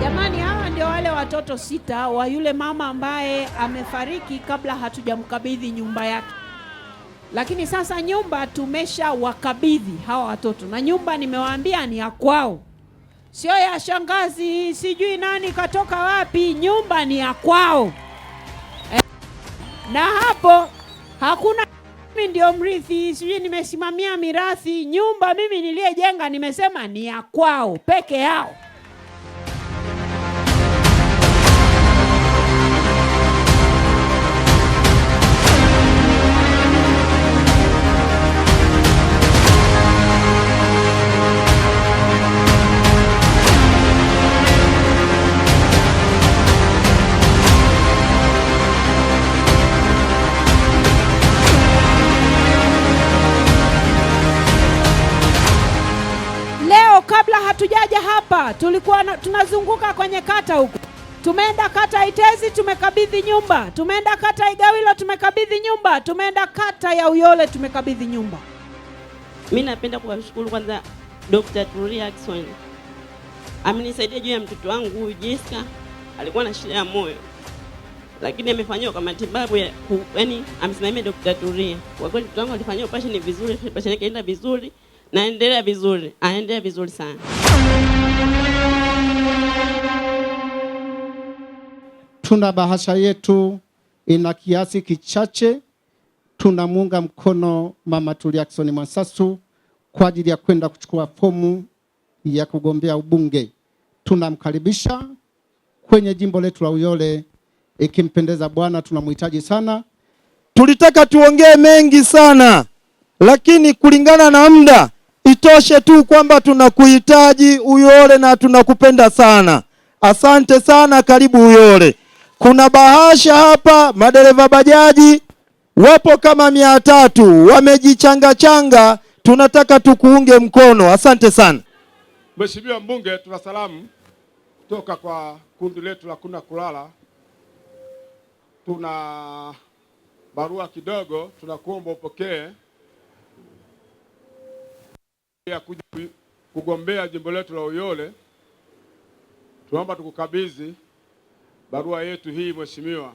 Jamani, hawa ndio wale watoto sita wa yule mama ambaye amefariki kabla hatujamkabidhi nyumba yake, lakini sasa nyumba tumesha wakabidhi hawa watoto, na nyumba nimewaambia ni ya kwao, sio ya shangazi, sijui nani katoka wapi. Nyumba ni ya kwao eh, na hapo hakuna mimi ndio mrithi, sijui nimesimamia mirathi, nyumba mimi niliyejenga nimesema ni ya kwao peke yao. moja hapa tulikuwa na, tunazunguka kwenye kata huku, tumeenda kata Itezi tumekabidhi nyumba, tumeenda kata Igawilo tumekabidhi nyumba, tumeenda kata ya Uyole tumekabidhi nyumba. Mi napenda kuwashukuru kwanza Dr. Tulia Ackson amenisaidia juu ya mtoto wangu huyu Jessica, alikuwa na shida ya moyo lakini amefanyiwa kwa matibabu ya yaani, amesimamia Dr. Turia. Kwa kweli mtoto wangu alifanyiwa operation vizuri, operation yake enda vizuri naendelea vizuri, anaendelea vizuri sana. Tuna bahasha yetu ina kiasi kichache. Tunamuunga mkono Mama Tulia Ackson Mwansasu kwa ajili ya kwenda kuchukua fomu ya kugombea ubunge. Tunamkaribisha kwenye jimbo letu la Uyole, ikimpendeza Bwana, tunamhitaji sana. Tulitaka tuongee mengi sana, lakini kulingana na muda Itoshe tu kwamba tunakuhitaji Uyole na tunakupenda sana. Asante sana, karibu Uyole. Kuna bahasha hapa, madereva bajaji wapo kama mia tatu wamejichangachanga, tunataka tukuunge mkono. Asante sana Mheshimiwa Mbunge, tuna salamu kutoka kwa kundi letu la Kuna Kulala. Tuna barua kidogo, tunakuomba upokee ya kuja kugombea jimbo letu la Uyole, tunaomba tukukabidhi barua yetu hii mheshimiwa.